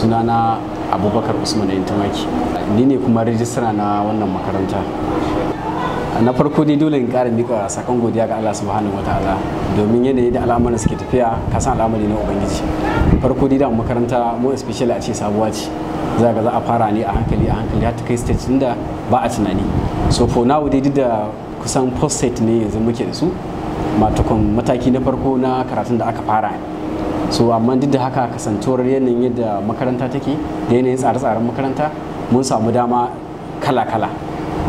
sunana abubakar usman intamaki ni ne kuma rijistara na wannan makaranta na farko ne dole in ƙara mika sakon godiya ga Allah subhanahu ta'ala domin yanayi da al'amuran suke tafiya ka san al'amari na ubangiji farko dai da makaranta mu especially a ce sabuwa ce za ga za a fara ne a hankali a hankali har ta kai stage da ba a tunani so for now dai duk da kusan post set ne yanzu muke da su matukun mataki na farko na karatun da aka fara so amma duk da haka kasantuwar yanayin yadda makaranta take da yanayin tsare-tsaren makaranta mun samu dama kala-kala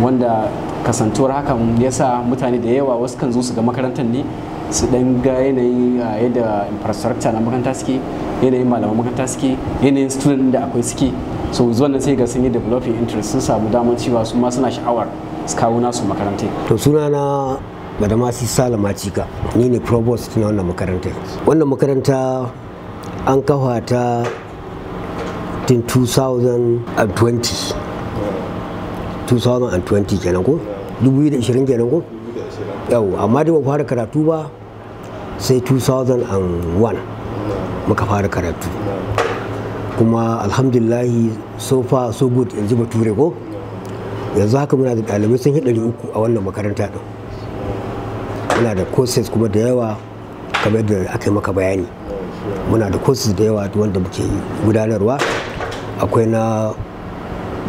wanda kasantuwar hakan ya sa mutane da yawa wasu kan zo su ga makarantar ne su dan ga yanayin yadda infrastructure na makaranta suke yanayin malaman makaranta suke yanayin student da akwai suke so zuwa zuwan sai ga sun yi developing interest sun samu damar cewa su ma suna sha'awar su kawo nasu makarantai to sunana badamasi salama cika ni ne provost na wannan makaranta wannan makaranta an kafa ta tun 2020 2020 kenan ko 2020 kenan ko yau amma da ba fara karatu ba sai 2001 muka fara karatu kuma alhamdulillahi so far so good yanzu bature ko yanzu haka muna da ɗalibai sun yi 300 a wannan makaranta ɗin ana da courses kuma da yawa kamar da aka yi maka bayani muna da courses da yawa wanda muke gudanarwa akwai na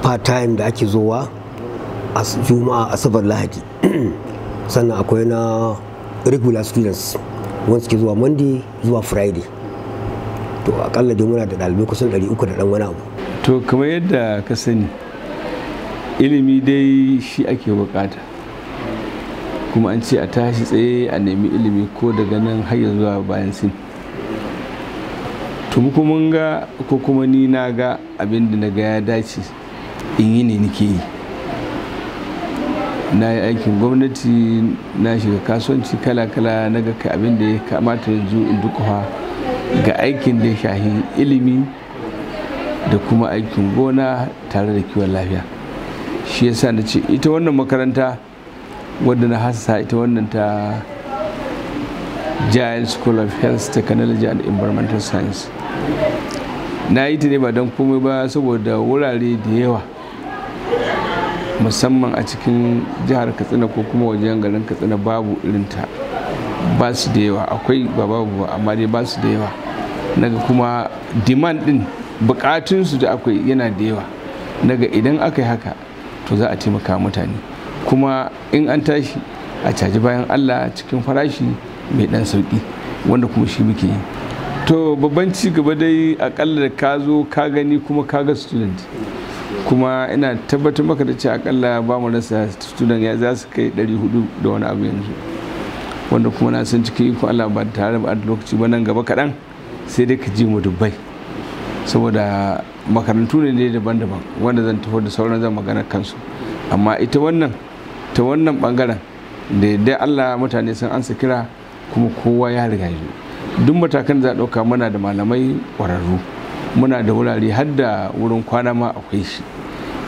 part time da ake zowa a juma'a asabar lahadi sannan akwai na regular students wanda suke zuwa monday zuwa friday to akalla dai muna da ɗalibai kusan 300 da ɗan wani abu to kamar yadda ka sani ilimi dai shi ake bukata kuma an ce a tashi tsaye a nemi ilimi ko daga nan har zuwa bayan sin tun kuma ga ko kuma ni na ga abin na ga ya dace in yi ne nike yi na yi aikin gwamnati na shiga kasuwanci kala-kala na ga abin da ya kamata yanzu in duka ga aikin da ya shahi ilimi da kuma aikin gona tare da kiwon lafiya shi yasa na ce ita wannan makaranta wadda na hasa ita wannan ta Giant School of Health Technology and Environmental Science na yi ta ne ba don komai ba saboda wurare da yawa musamman a cikin jihar katsina ko kuma wajen garin katsina babu irinta ba su da yawa akwai ba babu ba amma dai ba su da yawa naga kuma demand din bukatunsu da akwai yana da yawa naga idan aka yi haka to za a taimaka mutane kuma in an tashi a caji bayan allah cikin farashi mai dan sauki wanda kuma shi muke yi to babban ci gaba dai akalla da ka zo ka gani kuma ka ga student kuma ina tabbatar maka da cewa akalla ba mu rasa student ya za su kai 400 da wani abu yanzu wanda kuma na san cikin iko allah ba tare da lokaci ba nan gaba kaɗan sai dai ka ji mu dubbai saboda makarantu ne daban-daban wanda zan tafi da sauran zan magana kansu amma ita wannan ta wannan bangaren da yadda allah mutane sun ansa kira kuma kowa ya riga yi duk matakan da za a ɗauka muna da malamai ƙwararru muna da wurare har da wurin kwana ma akwai shi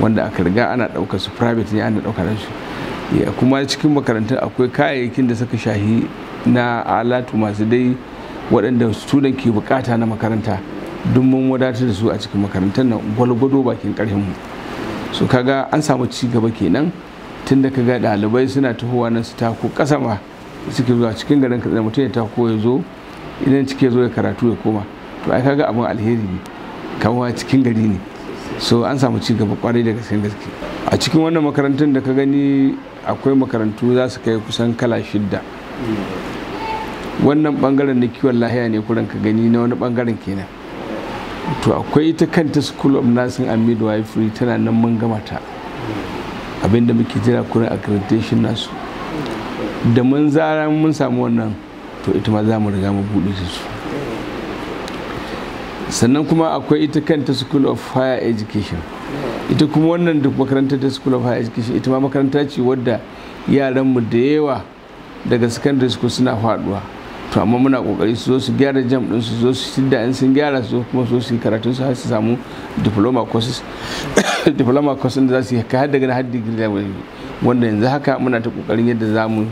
wanda aka riga ana ɗauka su private ne ana ɗauka shi kuma cikin makarantar akwai kayayyakin da suka shahi na alatu masu dai waɗanda student ke bukata na makaranta duk mun wadatar da su a cikin makarantar nan gwalgwado bakin mu so kaga an samu ci gaba kenan tun da ka ga ɗalibai suna tahowa na su tako ƙasa ma suke zuwa cikin garin katsina mutum ya tako ya zo idan cike zo ya karatu ya koma to ai kaga abin alheri ne kawai cikin gari ne so an samu ci gaba kwarai da gaske gaske a cikin wannan makarantun da ka gani akwai makarantu za su kai kusan kala shidda wannan bangaren na kiwon lahiya ne kuran ka gani na wani bangaren kenan to akwai ita kanta school of nursing and midwifery tana nan mun gama ta abinda muke jira kurin accreditation nasu da mun zara mun samu wannan to ita ma za mu riga mu buɗe su sannan kuma akwai ita kanta school of higher education ita kuma wannan duk makarantar ta school of higher education ita ma makaranta ce wadda yaranmu da yawa daga secondary school suna faduwa to amma muna kokari su zo su gyara jam din su zo su sidda in sun gyara su kuma so su yi karatun su har su samu diploma courses diploma courses da za su yi har daga har degree wanda yanzu haka muna ta kokarin yadda za mu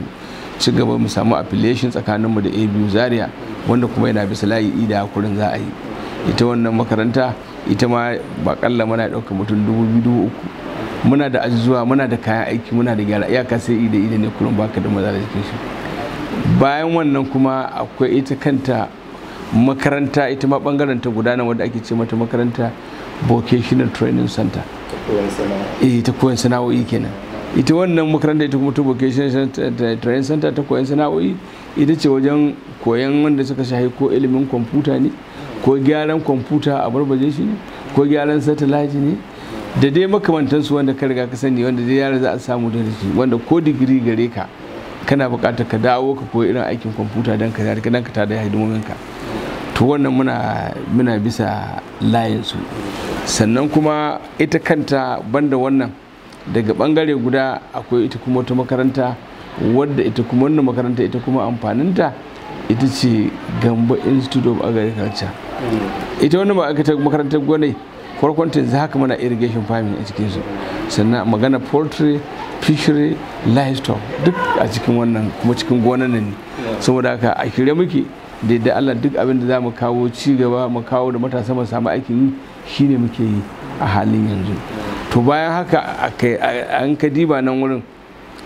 ci gaba mu samu affiliation tsakaninmu da abu zaria wanda kuma yana bisa layi ida kurin za a yi ita wannan makaranta ita ma ba kalla muna ɗaukar mutum dubu biyu dubu uku muna da ajizuwa muna da kayan aiki muna da gyara iyaka sai ida ida ne kurin baka da maza da jikin shi bayan wannan kuma akwai ita kanta makaranta ita ma bangaren ta gudana wanda ake ce mata makaranta vocational training center eh, ta koyon sana'o'i kenan ita wannan makaranta ita kuma ta vocational training center ta koyon sana'o'i ita ce wajen koyon wanda suka shahi ko ilimin kwamfuta ne ko gyaran kwamfuta a barbaje shi ne ko gyaran satellite ne da dai makamantansu wanda ka riga ka sani wanda dai yara za a samu da wanda ko digiri gare ka kana buƙatar ka dawo ka koyi irin aikin kwamfuta don ka don ka tada ka. to wannan muna muna bisa layinsu sannan kuma ita kanta banda wannan daga bangare guda akwai ita kuma wata makaranta wadda ita kuma wannan makaranta ita kuma amfaninta ita ce gamba institute of agriculture ita wannan ta makarantar gwanai farkon ta yanzu haka mana irrigation farming a cikinsu sannan magana poultry fishery livestock duk a cikin wannan kuma cikin gonan ne saboda haka a kire muke da Allah duk abin da za mu kawo ci gaba mu kawo da matasa mu samu aikin yi shine muke yi a halin yanzu to bayan haka an ka diba nan wurin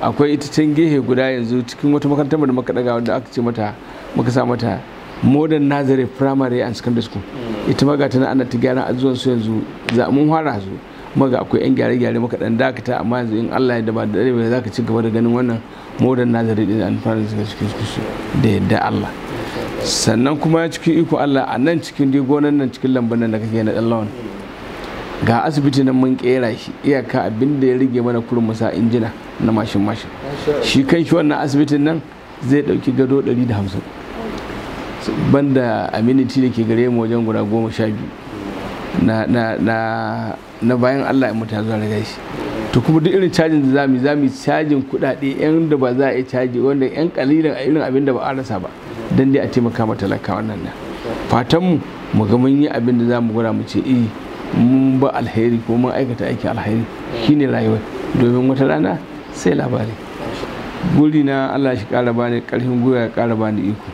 akwai ita can gehe guda yanzu cikin wata makarantar da muka daga wanda aka ce mata muka sa mata modern nazare primary and secondary school mm. ita ma ana ta gyara azuwan su yanzu za mun fara zuwa ga akwai yan gyare-gyare maka dan dakata amma yanzu in Allah ya da ba da dare za ka ci gaba da ganin wannan modern nazari din an fara suka cikin su da yadda Allah sannan kuma ya cikin iko Allah a nan cikin dai gonan nan cikin lambar nan da kake na dan lawan ga asibiti nan mun kera shi iyaka abin da ya rige mana kurin musa injina na mashin mashin shi kan shi wannan asibitin nan zai dauki gado 150 banda aminiti da ke gare mu wajen guda goma sha biyu na bayan Allah in mutane zuwa riga shi to kuma duk irin cajin da zamu zamu cajin kuɗaɗe yan da ba za a yi caji wanda yan kalilan a irin abin da ba a rasa ba dan dai a taimaka ma talaka wannan nan fatan mu mu ga mun yi abin da zamu gura mu ce eh mun ba alheri ko mun aikata aiki alheri shine rayuwa domin wata rana sai labari guri na Allah shi kara bani karfin gwiwa kara bani iko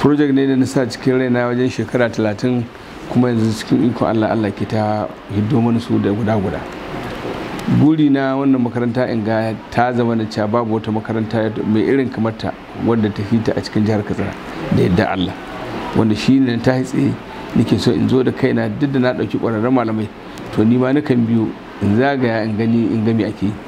project ne da na sa cikin raina wajen shekara talatin kuma yanzu cikin iko allah allah ke ta hiddo mana su da guda guda buri na wannan makaranta in ga ta zama da cewa babu wata makaranta mai irin kamar ta wadda ta fita a cikin jihar katsina da yadda allah wanda shi ne ta hitse nake so in zo da kaina duk da na ɗauki kwararren malamai to ni ma nakan biyu in zagaya in gani in gami ake yi